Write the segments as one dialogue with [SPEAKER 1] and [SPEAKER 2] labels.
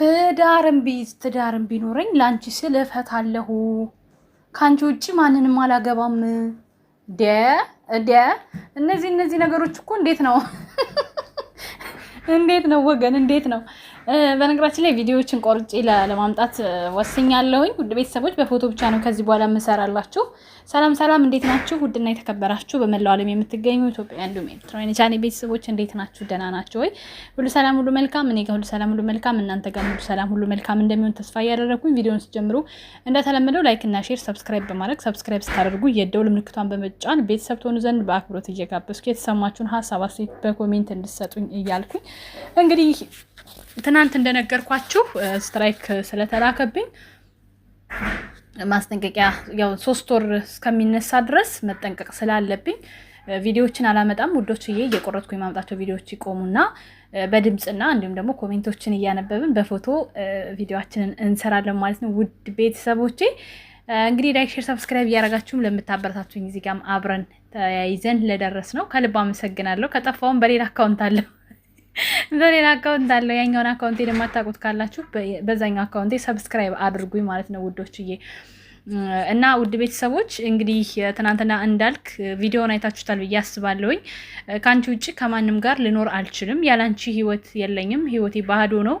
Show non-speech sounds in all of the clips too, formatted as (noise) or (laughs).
[SPEAKER 1] ትዳርም ቢይዝ ትዳርም ቢኖረኝ ለአንቺ ስል እፈታለሁ። ከአንቺ ውጭ ማንንም አላገባም። ደ ደ እነዚህ እነዚህ ነገሮች እኮ እንዴት ነው (laughs) እንዴት ነው ወገን እንዴት ነው? በነገራችን ላይ ቪዲዮዎችን ቆርጬ ለማምጣት ወስኛለሁኝ። ውድ ቤተሰቦች በፎቶ ብቻ ነው ከዚህ በኋላ የምሰራላችሁ። ሰላም ሰላም፣ እንዴት ናችሁ? ውድና የተከበራችሁ በመላው ዓለም የምትገኙ ኢትዮጵያ እንዲሁም ኤርትራውያን የቻኔ ቤተሰቦች እንዴት ናችሁ? ደህና ናችሁ ወይ? ሁሉ ሰላም ሁሉ መልካም፣ እኔ ጋር ሁሉ ሰላም ሁሉ መልካም፣ እናንተ ጋር ሁሉ ሰላም ሁሉ መልካም እንደሚሆን ተስፋ እያደረግኩኝ ቪዲዮን ስጀምሩ እንደተለመደው ላይክ እና ሼር፣ ሰብስክራይብ በማድረግ ሰብስክራይብ ስታደርጉ የደውል ምልክቷን በመጫን ቤተሰብ ትሆኑ ዘንድ በአክብሮት እየጋበዝኩ የተሰማችሁን ሀሳብ አስተያየት በኮሜንት እንድሰጡኝ እያልኩኝ እንግዲህ ትናንት እንደነገርኳችሁ ስትራይክ ስለተላከብኝ ማስጠንቀቂያ ያው ሶስት ወር እስከሚነሳ ድረስ መጠንቀቅ ስላለብኝ ቪዲዮዎችን አላመጣም ውዶችዬ። እየቆረጥኩ የማምጣቸው ቪዲዮዎች ይቆሙና በድምፅና እንዲሁም ደግሞ ኮሜንቶችን እያነበብን በፎቶ ቪዲዮችንን እንሰራለን ማለት ነው። ውድ ቤተሰቦቼ እንግዲህ ላይክ፣ ሼር፣ ሰብስክራይብ እያደረጋችሁም ለምታበረታችሁኝ እዚህ ጋርም አብረን ተያይዘን ለደረስ ነው ከልብ አመሰግናለሁ። ከጠፋውም በሌላ አካውንት አለሁ በሌላ አካውንት እንዳለው ያኛውን አካውንቴ የማታውቁት ካላችሁ በዛኛው አካውንት ሰብስክራይብ አድርጉኝ ማለት ነው ውዶችዬ። እና ውድ ቤተሰቦች እንግዲህ ትናንትና እንዳልክ ቪዲዮን አይታችሁታል ብዬ አስባለሁኝ። ከአንቺ ውጭ ከማንም ጋር ልኖር አልችልም፣ ያላንቺ ህይወት የለኝም፣ ህይወቴ ባህዶ ነው።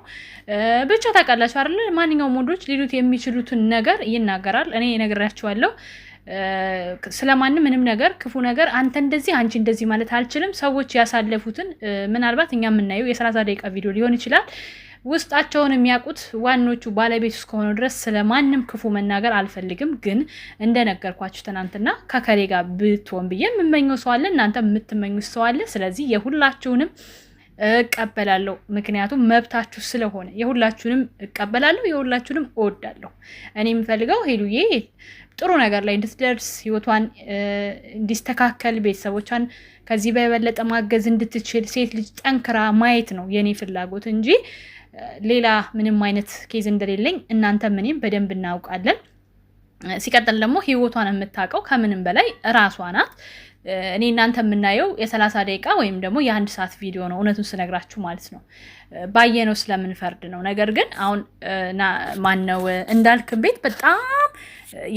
[SPEAKER 1] ብቻ ታውቃላችሁ አይደለ? ማንኛውም ወንዶች ሊሉት የሚችሉትን ነገር ይናገራል። እኔ እነግራችኋለሁ። ስለማንም ምንም ነገር ክፉ ነገር አንተ እንደዚህ አንቺ እንደዚህ ማለት አልችልም። ሰዎች ያሳለፉትን ምናልባት እኛ የምናየው የሰላሳ ደቂቃ ቪዲዮ ሊሆን ይችላል። ውስጣቸውን የሚያውቁት ዋኖቹ ባለቤት እስከሆኑ ድረስ ስለማንም ክፉ መናገር አልፈልግም። ግን እንደነገርኳችሁ ትናንትና ከከሌ ጋር ብትሆን ብዬ የምመኘው ሰው አለ፣ እናንተ የምትመኙት ሰው አለ። ስለዚህ የሁላችሁንም እቀበላለሁ። ምክንያቱም መብታችሁ ስለሆነ የሁላችሁንም እቀበላለሁ፣ የሁላችሁንም እወዳለሁ። እኔ የምፈልገው ሄሉዬ ጥሩ ነገር ላይ እንድትደርስ ህይወቷን እንዲስተካከል ቤተሰቦቿን ከዚህ በበለጠ ማገዝ እንድትችል ሴት ልጅ ጠንክራ ማየት ነው የእኔ ፍላጎት እንጂ ሌላ ምንም አይነት ኬዝ እንደሌለኝ እናንተም እኔም በደንብ እናውቃለን። ሲቀጥል ደግሞ ህይወቷን የምታውቀው ከምንም በላይ እራሷ ናት። እኔ እናንተ የምናየው የሰላሳ ደቂቃ ወይም ደግሞ የአንድ ሰዓት ቪዲዮ ነው እውነቱን ስነግራችሁ ማለት ነው። ባየነው ስለምንፈርድ ነው። ነገር ግን አሁን ማነው እንዳልክ ቤት በጣም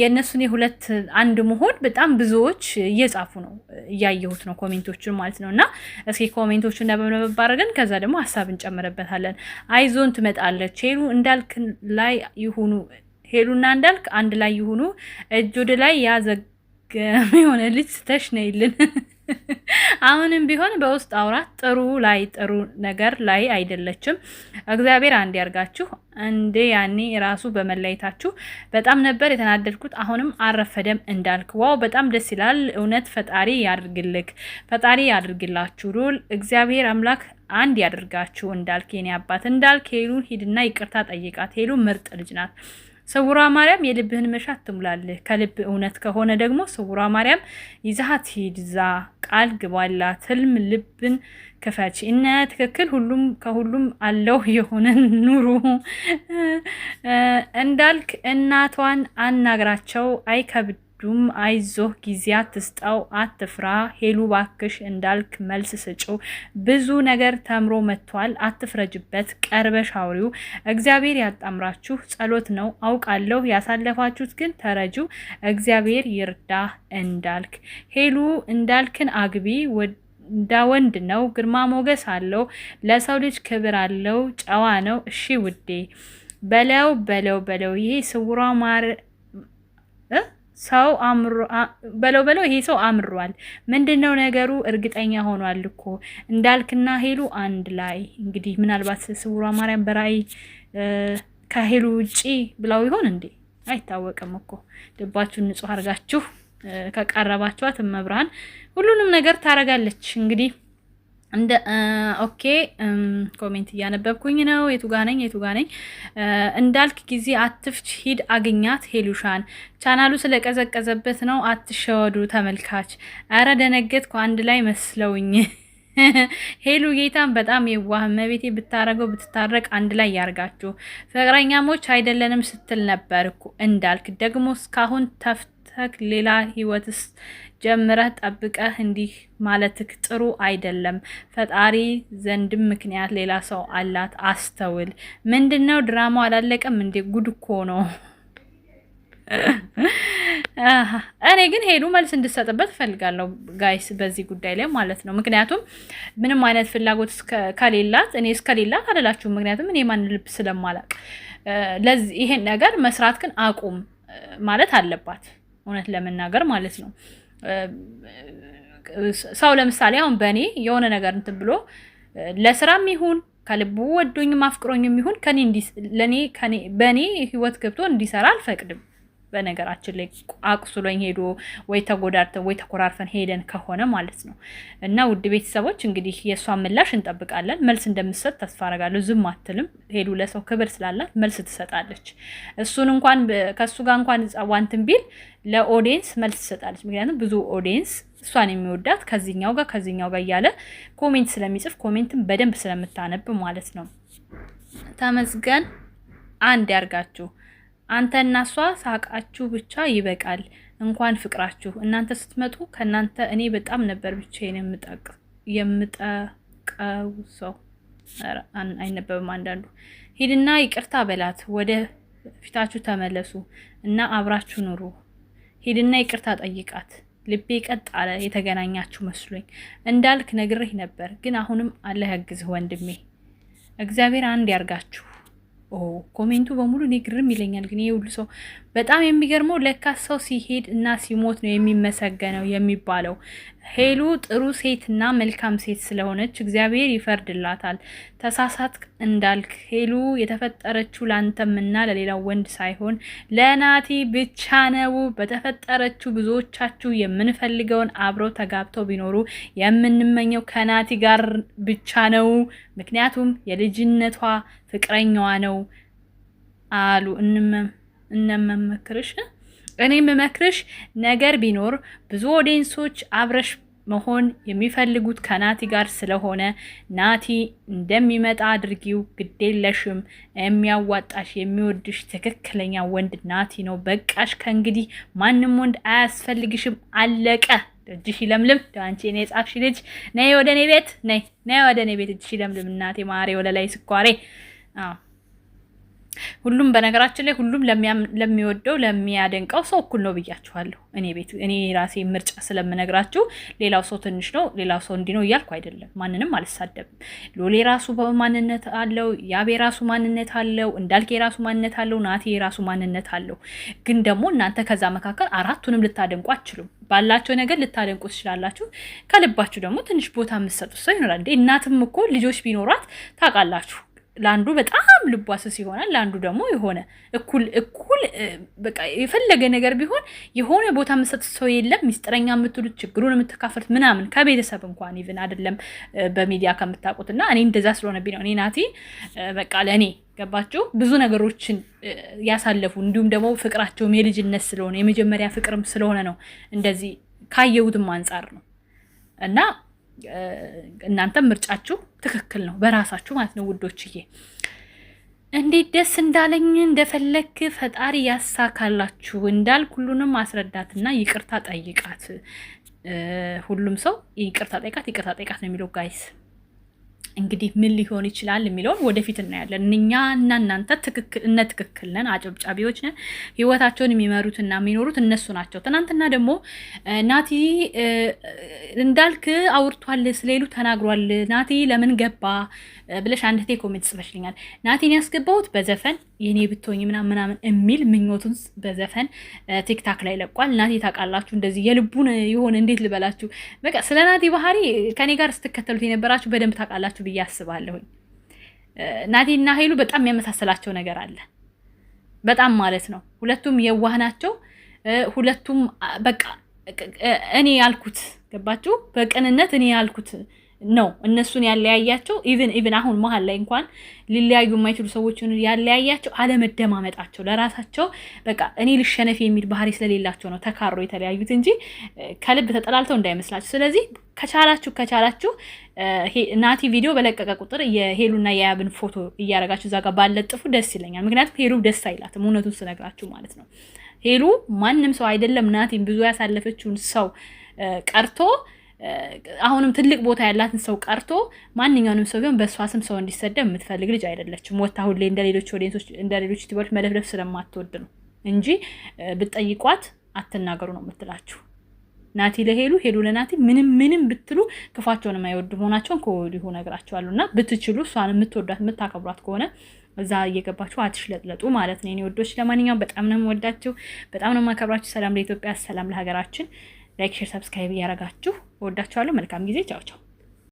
[SPEAKER 1] የእነሱን የሁለት አንድ መሆን በጣም ብዙዎች እየጻፉ ነው እያየሁት ነው ኮሜንቶቹን ማለት ነው። እና እስኪ ኮሜንቶቹን ነበብነበብ ከዛ ደግሞ ሀሳብ እንጨምርበታለን። አይዞን ትመጣለች ሄሉ እንዳልክ ላይ ይሁኑ ሄሉና እንዳልክ አንድ ላይ ይሁኑ እጅ ወደ ላይ ያዘግ ገም የሆነ ልጅ ስተሽ ነይልን። አሁንም ቢሆን በውስጥ አውራት ጥሩ ላይ ጥሩ ነገር ላይ አይደለችም። እግዚአብሔር አንድ ያርጋችሁ። እንዴ ያኔ ራሱ በመለየታችሁ በጣም ነበር የተናደድኩት። አሁንም አረፈደም እንዳልክ ዋው፣ በጣም ደስ ይላል። እውነት ፈጣሪ ያድርግልክ፣ ፈጣሪ ያድርግላችሁ። ሩል እግዚአብሔር አምላክ አንድ ያድርጋችሁ። እንዳልክ የኔ አባት እንዳልክ ሄሉን ሂድና ይቅርታ ጠይቃት። ሄሉ ምርጥ ልጅ ናት። ስውሯ ማርያም የልብህን መሻት ትሙላልህ። ከልብ እውነት ከሆነ ደግሞ ስውሯ ማርያም ይዛሃት ሂድ። ዛ ቃል ግባላት። ህልም ልብን ክፈች እና ትክክል ሁሉም ከሁሉም አለው የሆነን ኑሩ እንዳልክ እናቷን አናግራቸው አይከብድ ወንዱም አይዞህ ጊዜ አትስጠው፣ አትፍራ፣ ሄሉ ባክሽ እንዳልክ መልስ ስጭው። ብዙ ነገር ተምሮ መጥቷል፣ አትፍረጅበት፣ ቀርበሽ አውሪው። እግዚአብሔር ያጣምራችሁ፣ ጸሎት ነው አውቃለሁ። ያሳለፋችሁት ግን ተረጁ፣ እግዚአብሔር ይርዳ እንዳልክ። ሄሉ እንዳልክን አግቢ እንዳ ወንድ ነው፣ ግርማ ሞገስ አለው፣ ለሰው ልጅ ክብር አለው፣ ጨዋ ነው። እሺ ውዴ በለው በለው በለው ይሄ ስውሯ ማር ሰው አምሮ በለው በለው ይሄ ሰው አምሯል። ምንድነው ነገሩ? እርግጠኛ ሆኗል እኮ እንዳልክና ሄሉ አንድ ላይ እንግዲህ ምናልባት ስውሯ ማርያም በራእይ ከሄሉ ውጪ ብላው ይሆን እንዴ? አይታወቅም እኮ ልባችሁን ንጹህ አድርጋችሁ ከቀረባችኋት እመብርሃን ሁሉንም ነገር ታረጋለች እንግዲህ እንደ ኦኬ ኮሜንት እያነበብኩኝ ነው። የቱጋነኝ የቱጋነኝ እንዳልክ ጊዜ አትፍች፣ ሂድ አግኛት። ሄሉሻን ቻናሉ ስለቀዘቀዘበት ነው። አትሸወዱ ተመልካች። አረ ደነገጥኩ፣ አንድ ላይ መስለውኝ። (laughs) ሄሉ ጌታን በጣም የዋህ መቤቴ፣ ብታረገው ብትታረቅ አንድ ላይ ያርጋችሁ። ፍቅረኛሞች አይደለንም ስትል ነበር እኮ እንዳልክ ደግሞ እስካሁን ተፍተክ ሌላ ህይወትስ ጀምረህ ጠብቀህ እንዲህ ማለትክ ጥሩ አይደለም። ፈጣሪ ዘንድም ምክንያት ሌላ ሰው አላት። አስተውል። ምንድን ነው ድራማው አላለቀም እንዴ? ጉድ እኮ ነው። (laughs) እኔ ግን ሄሉ መልስ እንድሰጥበት እፈልጋለሁ ጋይስ፣ በዚህ ጉዳይ ላይ ማለት ነው። ምክንያቱም ምንም አይነት ፍላጎት ከሌላት እኔ እስከሌላት አልላችሁም። ምክንያቱም እኔ ማን ልብ ስለማላቅ ለዚህ ይሄን ነገር መስራት ግን አቁም ማለት አለባት፣ እውነት ለመናገር ማለት ነው። ሰው ለምሳሌ አሁን በእኔ የሆነ ነገር እንትን ብሎ ለስራም ይሁን ከልቡ ወዶኝም አፍቅሮኝም ይሁን ከኔ በእኔ ህይወት ገብቶ እንዲሰራ አልፈቅድም። በነገራችን ላይ አቁስሎኝ ሄዶ ወይ ተጎዳርተን ወይ ተኮራርፈን ሄደን ከሆነ ማለት ነው። እና ውድ ቤተሰቦች እንግዲህ የእሷን ምላሽ እንጠብቃለን። መልስ እንደምትሰጥ ተስፋ አረጋለሁ። ዝም አትልም። ሄዱ ለሰው ክብር ስላላት መልስ ትሰጣለች። እሱን እንኳን ከእሱ ጋር እንኳን ጸዋንትን ቢል ለኦዲየንስ መልስ ትሰጣለች። ምክንያቱም ብዙ ኦዲየንስ እሷን የሚወዳት ከዚኛው ጋር ከዚኛው ጋር እያለ ኮሜንት ስለሚጽፍ ኮሜንትን በደንብ ስለምታነብ ማለት ነው። ተመስገን አንድ ያርጋችሁ። አንተ እና እሷ ሳቃችሁ ብቻ ይበቃል። እንኳን ፍቅራችሁ እናንተ ስትመጡ ከእናንተ እኔ በጣም ነበር ብቻዬን የምጠቀው ሰው አይነበብም። አንዳንዱ ሂድና ይቅርታ በላት፣ ወደ ፊታችሁ ተመለሱ እና አብራችሁ ኑሩ። ሂድና ይቅርታ ጠይቃት። ልቤ ቀጥ አለ የተገናኛችሁ መስሎኝ። እንዳልክ ነግሬህ ነበር፣ ግን አሁንም አላህ ያግዝህ ወንድሜ። እግዚአብሔር አንድ ያርጋችሁ። ኮሜንቱ በሙሉ እኔ ግርም ይለኛል። ግን ይህ ሁሉ ሰው በጣም የሚገርመው ለካ ሰው ሲሄድ እና ሲሞት ነው የሚመሰገነው የሚባለው። ሄሉ ጥሩ ሴትና መልካም ሴት ስለሆነች እግዚአብሔር ይፈርድላታል። ተሳሳት እንዳልክ ሄሉ የተፈጠረችው ለአንተምና ለሌላው ወንድ ሳይሆን ለናቲ ብቻ ነው። በተፈጠረችው ብዙዎቻችሁ የምንፈልገውን አብረው ተጋብተው ቢኖሩ የምንመኘው ከናቲ ጋር ብቻ ነው። ምክንያቱም የልጅነቷ ፍቅረኛዋ ነው አሉ እነመመክርሽ እኔ የምመክርሽ ነገር ቢኖር ብዙ ኦዲየንሶች አብረሽ መሆን የሚፈልጉት ከናቲ ጋር ስለሆነ ናቲ እንደሚመጣ አድርጊው። ግዴለሽም። የሚያዋጣሽ የሚወድሽ ትክክለኛ ወንድ ናቲ ነው። በቃሽ። ከእንግዲህ ማንም ወንድ አያስፈልግሽም። አለቀ። እጅሽ ይለምልም። ዳንቺ እኔ የጻፍሽ ልጅ ነይ ወደ እኔ ቤት ነይ ነይ ወደ እኔ ቤት እጅሽ ይለምልም። እናቴ ማሬ ወለላይ ስኳሬ ሁሉም በነገራችን ላይ ሁሉም ለሚወደው ለሚያደንቀው ሰው እኩል ነው ብያችኋለሁ። እኔ ቤት እኔ ራሴ ምርጫ ስለምነግራችሁ ሌላው ሰው ትንሽ ነው፣ ሌላው ሰው እንዲህ ነው እያልኩ አይደለም። ማንንም አልሳደብም። ሎሌ ራሱ ማንነት አለው፣ ያቤ ራሱ ማንነት አለው፣ እንዳልክ የራሱ ማንነት አለው፣ ናቴ የራሱ ማንነት አለው። ግን ደግሞ እናንተ ከዛ መካከል አራቱንም ልታደንቁ አትችሉም። ባላቸው ነገር ልታደንቁ ትችላላችሁ። ከልባችሁ ደግሞ ትንሽ ቦታ የምትሰጡት ሰው ይኖራል። እናትም እኮ ልጆች ቢኖሯት ታውቃላችሁ ለአንዱ በጣም ልቧ ስስ ይሆናል፣ ለአንዱ ደግሞ የሆነ እኩል እኩል በቃ የፈለገ ነገር ቢሆን የሆነ ቦታ የምትሰጥ ሰው የለም። ሚስጥረኛ የምትሉት ችግሩን የምትካፈሉት ምናምን ከቤተሰብ እንኳን ይብን አይደለም በሚዲያ ከምታውቁት እና እኔ እንደዛ ስለሆነብኝ ነው። እኔ ናቲ በቃ ለእኔ ገባችሁ ብዙ ነገሮችን ያሳለፉ እንዲሁም ደግሞ ፍቅራቸውም የልጅነት ስለሆነ የመጀመሪያ ፍቅርም ስለሆነ ነው እንደዚህ ካየሁትም አንጻር ነው እና እናንተም ምርጫችሁ ትክክል ነው በራሳችሁ ማለት ነው ውዶችዬ። እንዴት ደስ እንዳለኝ እንደፈለክ ፈጣሪ ያሳካላችሁ እንዳልክ ሁሉንም አስረዳትና ይቅርታ ጠይቃት። ሁሉም ሰው ይቅርታ ጠይቃት፣ ይቅርታ ጠይቃት ነው የሚለው ጋይስ እንግዲህ ምን ሊሆን ይችላል የሚለውን ወደፊት እናያለን። እኛ እና እናንተ እነ ትክክል ነን፣ አጨብጫቢዎች ነን። ህይወታቸውን የሚመሩትና የሚኖሩት እነሱ ናቸው። ትናንትና ደግሞ ናቲ እንዳልክ አውርቷል፣ ስለሌሉ ተናግሯል። ናቲ ለምን ገባ ብለሽ አንድ ቴ ኮሜንት ጽፈሽልኛል። ናቲን ያስገባሁት በዘፈን የኔ ብትሆኝ ምናምን ምናምን የሚል ምኞቱን በዘፈን ቲክታክ ላይ ለቋል። ናቴ ታውቃላችሁ፣ እንደዚህ የልቡን የሆነ እንዴት ልበላችሁ፣ በቃ ስለ ናቴ ባህሪ ከኔ ጋር ስትከተሉት የነበራችሁ በደንብ ታውቃላችሁ ብዬ አስባለሁኝ። እና ሀይሉ በጣም የሚያመሳሰላቸው ነገር አለ፣ በጣም ማለት ነው። ሁለቱም የዋህ ናቸው። ሁለቱም በቃ እኔ ያልኩት ገባችሁ፣ በቅንነት እኔ ያልኩት ነው እነሱን ያለያያቸው። ኢቭን ኢቭን አሁን መሀል ላይ እንኳን ሊለያዩ የማይችሉ ሰዎችን ያለያያቸው አለመደማመጣቸው፣ ለራሳቸው በቃ እኔ ልሸነፍ የሚል ባህሪ ስለሌላቸው ነው ተካሮ የተለያዩት እንጂ ከልብ ተጠላልተው እንዳይመስላቸው። ስለዚህ ከቻላችሁ ከቻላችሁ ናቲ ቪዲዮ በለቀቀ ቁጥር የሄሉና የያብን ፎቶ እያረጋችሁ እዛ ጋር ባለጥፉ ደስ ይለኛል። ምክንያቱም ሄሉ ደስ አይላትም፣ እውነቱን ስነግራችሁ ማለት ነው። ሄሉ ማንም ሰው አይደለም ናቲን ብዙ ያሳለፈችውን ሰው ቀርቶ አሁንም ትልቅ ቦታ ያላትን ሰው ቀርቶ ማንኛውንም ሰው ቢሆን በእሷ ስም ሰው እንዲሰደብ የምትፈልግ ልጅ አይደለችም። ወታ ሁሌ እንደሌሎች ኦዲየንሶች እንደሌሎች ዩቲዩበሮች መደብደብ ስለማትወድ ነው እንጂ ብትጠይቋት አትናገሩ ነው የምትላችሁ። ናቲ ለሄሉ ሄሉ ለናቲ ምንም ምንም ብትሉ ክፋቸውን የማይወዱ መሆናቸውን ከወዲሁ ነግራቸዋሉ። እና ብትችሉ እሷን የምትወዷት የምታከብሯት ከሆነ እዛ እየገባችሁ አትሽለጥለጡ ማለት ነው ኔ ወዶች። ለማንኛውም በጣም ነው የምወዳችሁ፣ በጣም ነው የማከብራችሁ። ሰላም ለኢትዮጵያ፣ ሰላም ለሀገራችን። ላይክ፣ ሼር፣ ሰብስክራይብ እያረጋችሁ ወዳችኋለሁ። መልካም ጊዜ። ቻው ቻው።